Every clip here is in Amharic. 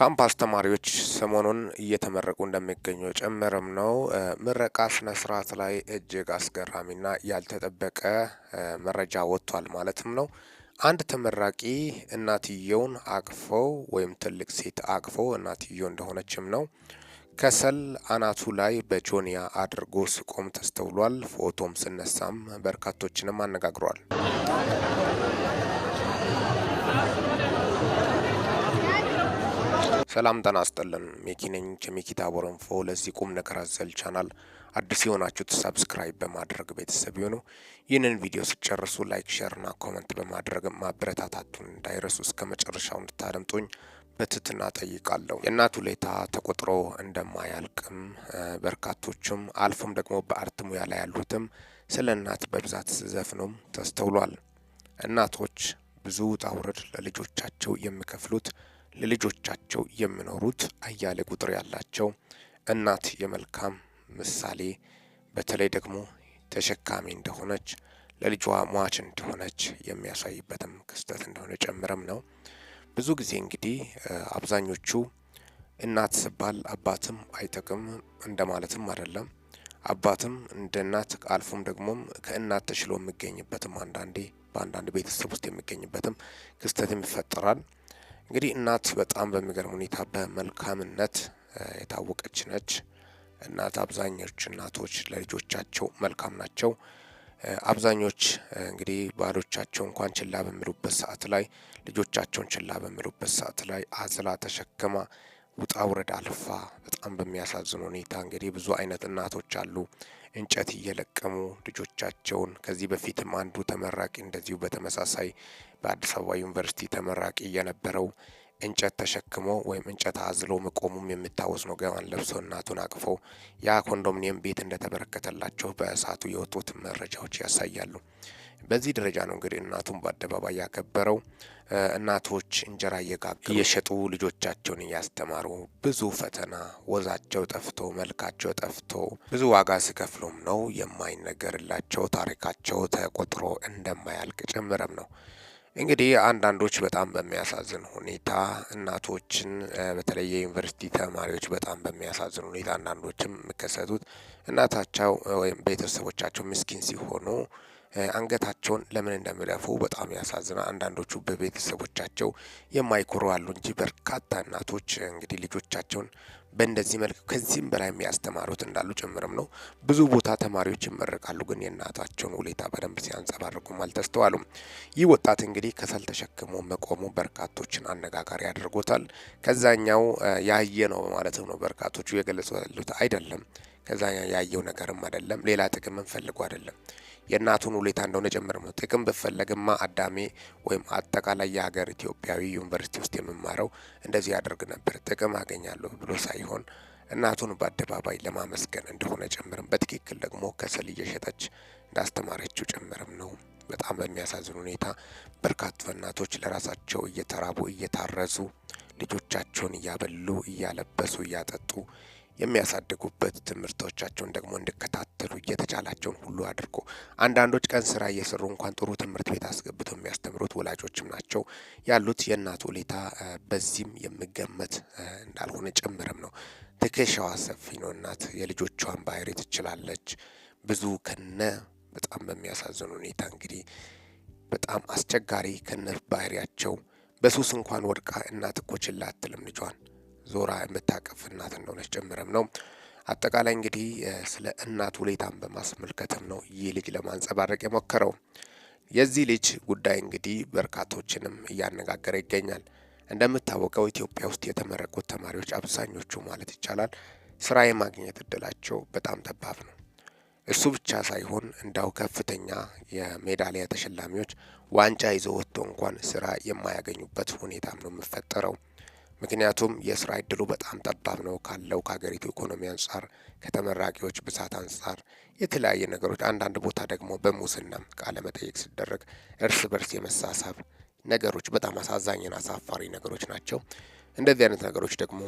ካምፓስ ተማሪዎች ሰሞኑን እየተመረቁ እንደሚገኙ ጭምርም ነው። ምረቃ ስነ ስርዓት ላይ እጅግ አስገራሚና ያልተጠበቀ መረጃ ወጥቷል ማለትም ነው። አንድ ተመራቂ እናትየውን አቅፈው ወይም ትልቅ ሴት አቅፈው እናትየው እንደሆነችም ነው ከሰል አናቱ ላይ በጆንያ አድርጎ ስቆም ተስተውሏል። ፎቶም ስነሳም በርካቶችንም አነጋግሯል። ሰላም ጤና ይስጥልን። ሚኪ ነኝ ከሚኪ ታቦር ኢንፎ። ለዚህ ቁም ነገር አዘል ቻናል አዲስ የሆናችሁት ሰብስክራይብ በማድረግ ቤተሰብ ይሁኑ። ይህንን ቪዲዮ ስጨርሱ ላይክ፣ ና ኮመንት በማድረግ ማበረታታቱን እንዳይረሱ እስከ መጨረሻው እንድታደምጡኝ በትትና ጠይቃለሁ። የእናቱ ሁኔታ ተቆጥሮ እንደማያልቅም በርካቶችም አልፎም ደግሞ በአርት ሙያ ላይ ያሉትም ስለ እናት በብዛት ዘፍኖም ተስተውሏል። እናቶች ብዙ ውጣ ውረድ ለልጆቻቸው የሚከፍሉት ለልጆቻቸው የሚኖሩት አያሌ ቁጥር ያላቸው እናት የመልካም ምሳሌ በተለይ ደግሞ ተሸካሚ እንደሆነች ለልጇ ሟች እንደሆነች የሚያሳይበትም ክስተት እንደሆነ ጨምረም ነው። ብዙ ጊዜ እንግዲህ አብዛኞቹ እናት ስባል አባትም አይጠቅም እንደማለትም አይደለም። አባትም እንደ እናት አልፎም ደግሞም ከእናት ተሽሎ የሚገኝበትም አንዳንዴ በአንዳንድ ቤተሰብ ውስጥ የሚገኝበትም ክስተትም ይፈጠራል። እንግዲህ እናት በጣም በሚገርም ሁኔታ በመልካምነት የታወቀች ነች። እናት አብዛኞች እናቶች ለልጆቻቸው መልካም ናቸው። አብዛኞች እንግዲህ ባሎቻቸው እንኳን ችላ በሚሉበት ሰዓት ላይ ልጆቻቸውን ችላ በሚሉበት ሰዓት ላይ አዝላ ተሸክማ ውጣ ውረድ አልፋ በጣም በሚያሳዝን ሁኔታ እንግዲህ ብዙ አይነት እናቶች አሉ እንጨት እየለቀሙ ልጆቻቸውን። ከዚህ በፊትም አንዱ ተመራቂ እንደዚሁ በተመሳሳይ በአዲስ አበባ ዩኒቨርሲቲ ተመራቂ የነበረው እንጨት ተሸክሞ ወይም እንጨት አዝሎ መቆሙም የሚታወስ ነው። ገዋን ለብሶ እናቱን አቅፎ ያ ኮንዶሚኒየም ቤት እንደተበረከተላቸው በእሳቱ የወጡት መረጃዎች ያሳያሉ። በዚህ ደረጃ ነው እንግዲህ እናቱን በአደባባይ ያከበረው። እናቶች እንጀራ እየጋገሩ እየሸጡ ልጆቻቸውን እያስተማሩ ብዙ ፈተና ወዛቸው ጠፍቶ መልካቸው ጠፍቶ ብዙ ዋጋ ሲከፍሉም ነው የማይነገርላቸው። ታሪካቸው ተቆጥሮ እንደማያልቅ ጭምርም ነው። እንግዲህ አንዳንዶች በጣም በሚያሳዝን ሁኔታ እናቶችን በተለይ የዩኒቨርሲቲ ተማሪዎች በጣም በሚያሳዝን ሁኔታ አንዳንዶችም የሚከሰቱት እናታቸው ወይም ቤተሰቦቻቸው ምስኪን ሲሆኑ አንገታቸውን ለምን እንደሚደፉ በጣም ያሳዝናል። አንዳንዶቹ በቤተሰቦቻቸው የማይኮሩ አሉ እንጂ በርካታ እናቶች እንግዲህ ልጆቻቸውን በእንደዚህ መልክ ከዚህም በላይ የሚያስተማሩት እንዳሉ ጭምርም ነው። ብዙ ቦታ ተማሪዎች ይመረቃሉ፣ ግን የእናታቸውን ሁኔታ በደንብ ሲያንጸባርቁም አልተስተዋሉም። ይህ ወጣት እንግዲህ ከሰል ተሸክሞ መቆሙ በርካቶችን አነጋጋሪ አድርጎታል። ከዛኛው ያየ ነው ማለትም ነው በርካቶቹ የገለጹ ያሉት አይደለም ከዛ ያየው ነገርም አይደለም፣ ሌላ ጥቅምም ፈልጎ አይደለም። የእናቱን ሁኔታ እንደሆነ ጭምር ነው። ጥቅም ብፈለግማ አዳሜ ወይም አጠቃላይ የሀገር ኢትዮጵያዊ ዩኒቨርሲቲ ውስጥ የምማረው እንደዚህ ያደርግ ነበር። ጥቅም አገኛለሁ ብሎ ሳይሆን እናቱን በአደባባይ ለማመስገን እንደሆነ ጭምርም በትክክል ደግሞ ከሰል እየሸጠች እንዳስተማረችው ጭምርም ነው። በጣም በሚያሳዝን ሁኔታ በርካታ እናቶች ለራሳቸው እየተራቡ እየታረዙ ልጆቻቸውን እያበሉ እያለበሱ እያጠጡ የሚያሳድጉበት ትምህርቶቻቸውን ደግሞ እንዲከታተሉ እየተቻላቸውን ሁሉ አድርጎ አንዳንዶች ቀን ስራ እየሰሩ እንኳን ጥሩ ትምህርት ቤት አስገብተው የሚያስተምሩት ወላጆችም ናቸው ያሉት። የእናት ሁኔታ በዚህም የሚገመት እንዳልሆነ ጭምርም ነው። ትከሻዋ ሰፊ ነው። እናት የልጆቿን ባህሪ ትችላለች። ብዙ ከነ በጣም በሚያሳዝን ሁኔታ እንግዲህ በጣም አስቸጋሪ ከነ ባህሪያቸው በሱስ እንኳን ወድቃ እናት እኮ ችላ አትልም ልጇን ዞራ የምታቀፍ እናት እንደሆነች ጭምርም ነው። አጠቃላይ እንግዲህ ስለ እናቱ ሁኔታን በማስመልከትም ነው ይህ ልጅ ለማንጸባረቅ የሞከረው። የዚህ ልጅ ጉዳይ እንግዲህ በርካቶችንም እያነጋገረ ይገኛል። እንደምታወቀው ኢትዮጵያ ውስጥ የተመረቁት ተማሪዎች አብዛኞቹ ማለት ይቻላል ስራ የማግኘት እድላቸው በጣም ጠባብ ነው። እሱ ብቻ ሳይሆን እንዳው ከፍተኛ የሜዳሊያ ተሸላሚዎች ዋንጫ ይዘወቶ ወጥቶ እንኳን ስራ የማያገኙበት ሁኔታም ነው የሚፈጠረው። ምክንያቱም የስራ እድሉ በጣም ጠባብ ነው። ካለው ከሀገሪቱ ኢኮኖሚ አንጻር፣ ከተመራቂዎች ብዛት አንጻር፣ የተለያየ ነገሮች አንዳንድ ቦታ ደግሞ በሙስና ቃለ መጠየቅ ሲደረግ እርስ በርስ የመሳሳብ ነገሮች በጣም አሳዛኝና አሳፋሪ ነገሮች ናቸው። እንደዚህ አይነት ነገሮች ደግሞ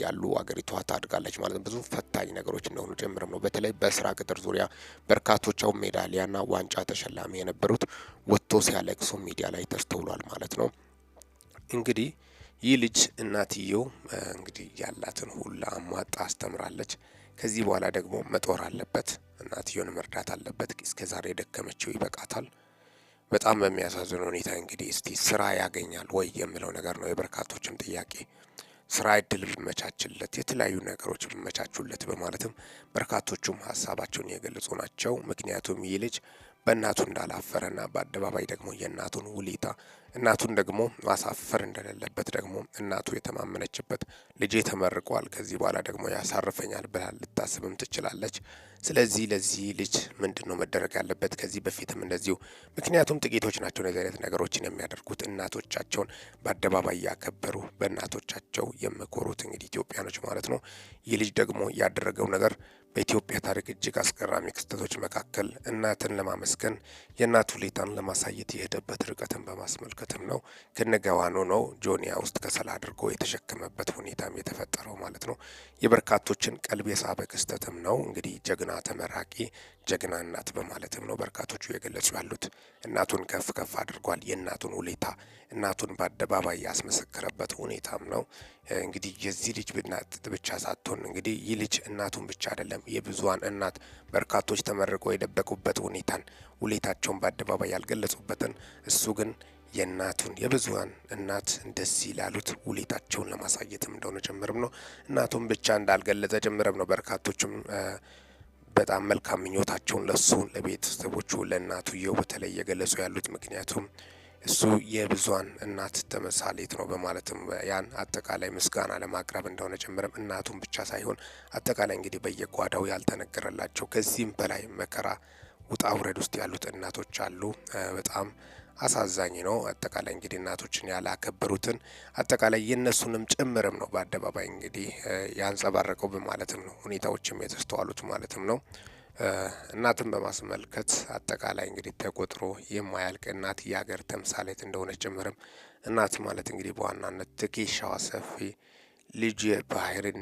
ያሉ አገሪቷ ታድጋለች ማለት ነው። ብዙ ፈታኝ ነገሮች እንደሆኑ ጭምርም ነው። በተለይ በስራ ቅጥር ዙሪያ በርካቶቻው ሜዳሊያና ዋንጫ ተሸላሚ የነበሩት ወጥቶ ሲያለቅሱ ሚዲያ ላይ ተስተውሏል ማለት ነው እንግዲህ ይህ ልጅ እናትየው እንግዲህ ያላትን ሁላ አሟጣ አስተምራለች። ከዚህ በኋላ ደግሞ መጦር አለበት፣ እናትየውን መርዳት አለበት። እስከዛሬ የደከመችው ይበቃታል። በጣም በሚያሳዝን ሁኔታ እንግዲህ እስቲ ስራ ያገኛል ወይ የሚለው ነገር ነው የበርካቶችም ጥያቄ። ስራ እድል ብመቻችለት የተለያዩ ነገሮች ብመቻችሁለት በማለትም በርካቶቹም ሀሳባቸውን የገለጹ ናቸው። ምክንያቱም ይህ ልጅ በእናቱ እንዳላፈረና በአደባባይ ደግሞ የእናቱን ውሊታ እናቱን ደግሞ ማሳፈር እንደሌለበት ደግሞ እናቱ የተማመነችበት ልጄ ተመርቋል፣ ከዚህ በኋላ ደግሞ ያሳርፈኛል ብላ ልታስብም ትችላለች። ስለዚህ ለዚህ ልጅ ምንድን ነው መደረግ ያለበት? ከዚህ በፊትም እንደዚሁ ምክንያቱም ጥቂቶች ናቸው እነዚህ አይነት ነገሮችን የሚያደርጉት እናቶቻቸውን በአደባባይ ያከበሩ በእናቶቻቸው የምኮሩት እንግዲህ ኢትዮጵያኖች ማለት ነው። ይህ ልጅ ደግሞ ያደረገው ነገር በኢትዮጵያ ታሪክ እጅግ አስገራሚ ክስተቶች መካከል እናትን ለማመስገን የእናት ሁሌታን ለማሳየት የሄደበት ርቀትን በማስመልከትም ነው። ክንገዋኑ ነው ጆኒያ ውስጥ ከሰል አድርጎ የተሸከመበት ሁኔታም የተፈጠረው ማለት ነው። የበርካቶችን ቀልብ የሳበ ክስተትም ነው። እንግዲህ ጀግና ተመራቂ ጀግና እናት በማለትም ነው በርካቶቹ የገለጹ ያሉት። እናቱን ከፍ ከፍ አድርጓል። የእናቱን ሁሌታ እናቱን በአደባባይ ያስመሰከረበት ሁኔታም ነው። እንግዲህ የዚህ ልጅ ብቻ ሳትሆን እንግዲህ ይህ ልጅ እናቱን ብቻ አይደለም የብዙሀን እናት በርካቶች ተመርቆ የደበቁበት ሁኔታን ውሌታቸውን በአደባባይ ያልገለጹበትን እሱ ግን የእናቱን የብዙሀን እናት እንደዚህ ላሉት ውሌታቸውን ለማሳየትም እንደሆነ ጭምርም ነው። እናቱን ብቻ እንዳልገለጸ ጭምርም ነው። በርካቶችም በጣም መልካም ምኞታቸውን ለሱ ለቤተሰቦቹ የው በተለይ የገለጹ ያሉት ምክንያቱም እሱ የብዙሃን እናት ተመሳሌት ነው በማለትም ያን አጠቃላይ ምስጋና ለማቅረብ እንደሆነ ጭምርም እናቱን ብቻ ሳይሆን አጠቃላይ እንግዲህ በየጓዳው ያልተነገረላቸው ከዚህም በላይ መከራ ውጣ ውረድ ውስጥ ያሉት እናቶች አሉ። በጣም አሳዛኝ ነው። አጠቃላይ እንግዲህ እናቶችን ያላከበሩትን አጠቃላይ የእነሱንም ጭምርም ነው በአደባባይ እንግዲህ ያንጸባረቀው በማለትም ነው ሁኔታዎችም የተስተዋሉት ማለትም ነው። እናትን በማስመልከት አጠቃላይ እንግዲህ ተቆጥሮ የማያልቅ እናት የሀገር ተምሳሌት እንደሆነች ጭምርም እናት ማለት እንግዲህ በዋናነት ትኬሻዋ ሰፊ ልጅ ባህርን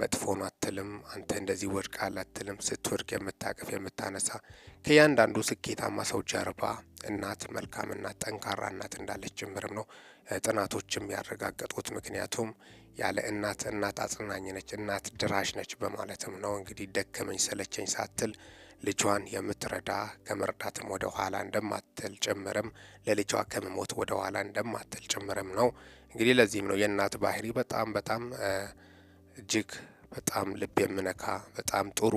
መጥፎ አትልም። አንተ እንደዚህ ወድቅ አትልም። ስትወድቅ የምታቅፍ የምታነሳ፣ ከእያንዳንዱ ስኬታማ ሰው ጀርባ እናት፣ መልካም እናት፣ ጠንካራ እናት እንዳለች ጭምርም ነው ጥናቶችም ያረጋገጡት። ምክንያቱም ያለ እናት እናት አጽናኝ ነች፣ እናት ድራሽ ነች በማለትም ነው እንግዲህ ደከመኝ ሰለቸኝ ሳትል ልጇን የምትረዳ ከመርዳትም ወደ ኋላ እንደማትል ጭምርም ለልጇ ከመሞት ወደ ኋላ እንደማትል ጭምርም ነው እንግዲህ ለዚህም ነው የእናት ባህሪ በጣም በጣም እጅግ በጣም ልብ የምነካ በጣም ጥሩ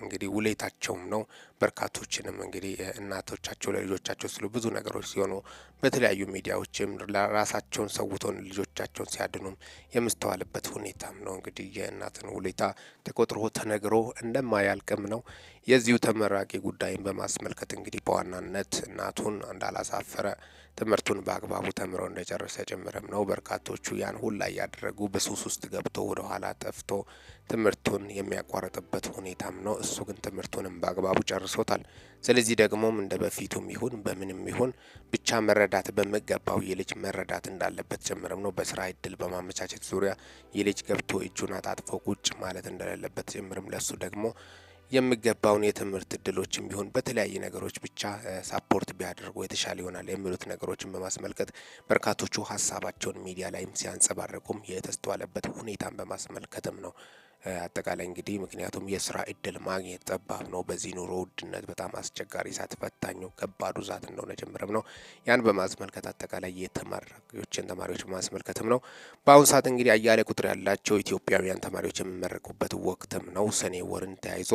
እንግዲህ ውሌታቸውም ነው በርካቶችንም እንግዲህ እናቶቻቸው ለልጆቻቸው ስሉ ብዙ ነገሮች ሲሆኑ በተለያዩ ሚዲያዎችም ራሳቸውን ሰውቶን ልጆቻቸውን ሲያድኑም የምስተዋልበት ሁኔታም ነው። እንግዲህ የእናትን ሁኔታ ተቆጥሮ ተነግሮ እንደማያልቅም ነው። የዚሁ ተመራቂ ጉዳይን በማስመልከት እንግዲህ በዋናነት እናቱን እንዳላሳፈረ ትምህርቱን በአግባቡ ተምረው እንደጨረሰ ጭምርም ነው። በርካቶቹ ያን ሁላ እያደረጉ በሱስ ውስጥ ገብቶ ወደኋላ ጠፍቶ ትምህርቱን የሚያቋርጥበት ሁኔታም ነው። እሱ ግን ትምህርቱንም በአግባቡ ጨርሶ አድርሶታል። ስለዚህ ደግሞም እንደ በፊቱም ይሁን በምንም ይሁን ብቻ መረዳት በሚገባው የልጅ መረዳት እንዳለበት ጭምርም ነው። በስራ እድል በማመቻቸት ዙሪያ የልጅ ገብቶ እጁን አጣጥፎ ቁጭ ማለት እንደሌለበት ጭምርም ለሱ ደግሞ የሚገባውን የትምህርት እድሎችም ቢሆን በተለያዩ ነገሮች ብቻ ሳፖርት ቢያደርጉ የተሻለ ይሆናል የሚሉት ነገሮችን በማስመልከት በርካቶቹ ሀሳባቸውን ሚዲያ ላይም ሲያንጸባረቁም የተስተዋለበት ሁኔታን በማስመልከትም ነው። አጠቃላይ እንግዲህ ምክንያቱም የስራ እድል ማግኘት ጠባብ ነው። በዚህ ኑሮ ውድነት በጣም አስቸጋሪ ሰዓት ፈታኙ ከባዱ ሰዓት እንደሆነ ጀምረም ነው። ያን በማስመልከት አጠቃላይ የተመራቂዎችን ተማሪዎች በማስመልከትም ነው። በአሁኑ ሰዓት እንግዲህ አያሌ ቁጥር ያላቸው ኢትዮጵያውያን ተማሪዎች የሚመረቁበት ወቅትም ነው። ሰኔ ወርን ተያይዞ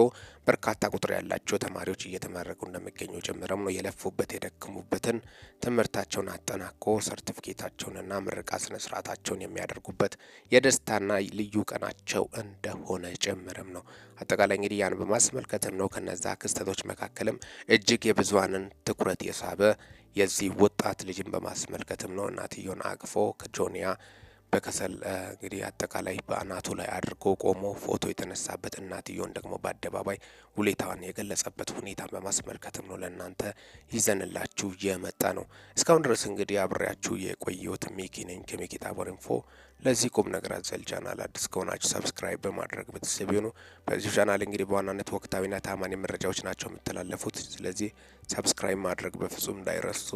በርካታ ቁጥር ያላቸው ተማሪዎች እየተመረቁ እንደሚገኙ ጀምረም ነው። የለፉበት የደክሙበትን ትምህርታቸውን አጠናቆ ሰርቲፊኬታቸውንና ምርቃ ስነስርዓታቸውን የሚያደርጉበት የደስታና ልዩ ቀናቸው እንደ ሆነ ጭምርም ነው። አጠቃላይ እንግዲህ ያን በማስመልከትም ነው ከነዛ ክስተቶች መካከልም እጅግ የብዙሃንን ትኩረት የሳበ የዚህ ወጣት ልጅን በማስመልከትም ነው እናትየውን አቅፎ ከጆንያ በከሰል እንግዲህ አጠቃላይ በአናቱ ላይ አድርጎ ቆሞ ፎቶ የተነሳበት እናትየውን ደግሞ በአደባባይ ውለታዋን የገለጸበት ሁኔታን በማስመልከትም ነው ለእናንተ ይዘንላችሁ የመጣ ነው። እስካሁን ድረስ እንግዲህ አብሬያችሁ የቆየሁት ሚኪ ነኝ ከሚኪ ታቦር ኢንፎ። ለዚህ ቁም ነገር አዘል ቻናል አዲስ ከሆናችሁ ሰብስክራይብ በማድረግ ቤተሰብ ይሁኑ። በዚሁ ቻናል እንግዲህ በዋናነት ወቅታዊና ታማኝ መረጃዎች ናቸው የሚተላለፉት። ስለዚህ ሰብስክራይብ ማድረግ በፍጹም እንዳይረሱ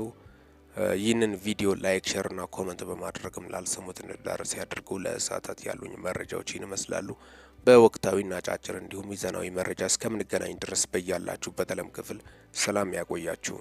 ይህንን ቪዲዮ ላይክ፣ ሼር ና ኮመንት በማድረግም ላልሰሙት እንዲዳረስ ያድርጉ። ለእሳታት ያሉኝ መረጃዎች ይህን ይመስላሉ። ና አጫጭር እንዲሁም ሚዛናዊ መረጃ እስከምንገናኝ ድረስ በያላችሁ በጠለም ክፍል ሰላም ያቆያችሁ።